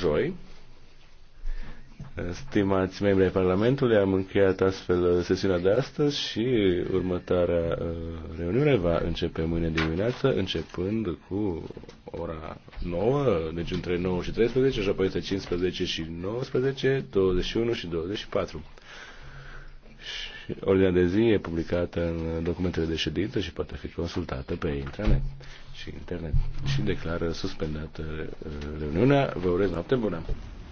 joi. Stimați membri ai Parlamentului, am încheiat astfel sesiunea de astăzi și următoarea uh, reuniune va începe mâine dimineață, începând cu ora 9, deci între 9 și 13, și apoi între 15 și 19, 21 și 24. Și ordinea de zi e publicată în documentele de ședință și poate fi consultată pe internet și internet și declară suspendată uh, reuniunea. Vă urez noapte bună!